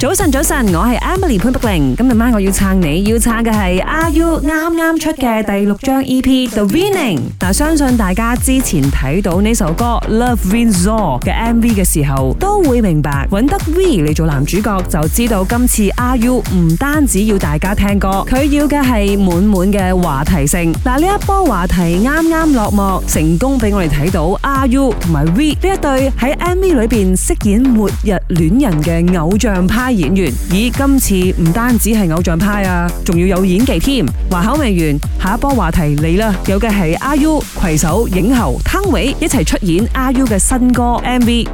早晨，早晨，我係 Emily 潘碧玲，今日晚我要撐你，要撐嘅係 IU 啱啱出嘅第六張 EP《The Winning》。嗱，相信大家之前睇到呢首歌《Love Wins All》嘅 MV 嘅時候，都會明白搵得 V 嚟做男主角，就知道今次 IU 唔單止要大家聽歌，佢要嘅係滿滿嘅話題性。嗱，呢一波話題啱啱落幕，成功俾我哋睇到 IU 同埋 V 呢一對喺 MV 裏邊飾演末日戀人嘅偶像派。演員，咦？今次唔單止係偶像派啊，仲要有演技添。話口未完，下一波話題嚟啦！有嘅係阿 U 攜手影后、湯唯一齊出演阿 U 嘅新歌 MV，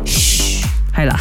係啦，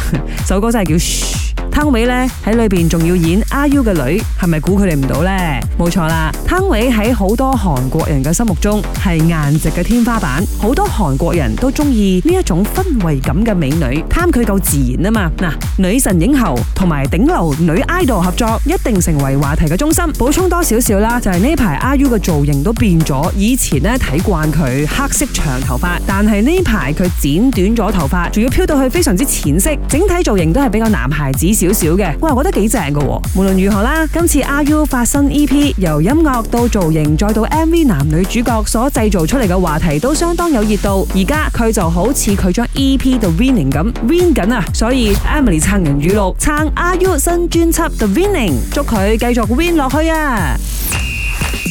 首歌真係叫。湯唯呢，喺裏邊仲要演 IU 嘅女，係咪估佢哋唔到呢？冇錯啦，湯唯喺好多韓國人嘅心目中係顏值嘅天花板，好多韓國人都中意呢一種氛圍感嘅美女，貪佢夠自然啊嘛。嗱、呃，女神影后同埋頂流女 idol 合作，一定成為話題嘅中心。補充多少少啦，就係呢排 IU 嘅造型都變咗，以前呢，睇慣佢黑色長頭髮，但係呢排佢剪短咗頭髮，仲要飄到去非常之淺色，整體造型都係比較男孩子少。少少嘅，我覺得幾正噶。無論如何啦，今次阿 U 發新 EP，由音樂到造型再到 MV，男女主角所製造出嚟嘅話題都相當有熱度。而家佢就好似佢張 EP The Winning 咁 Win 緊啊，所以 Emily 撐人語錄，撐阿 U 新專輯 The Winning，祝佢繼續 Win 落去啊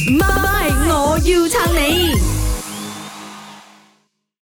！MY，我要撐你。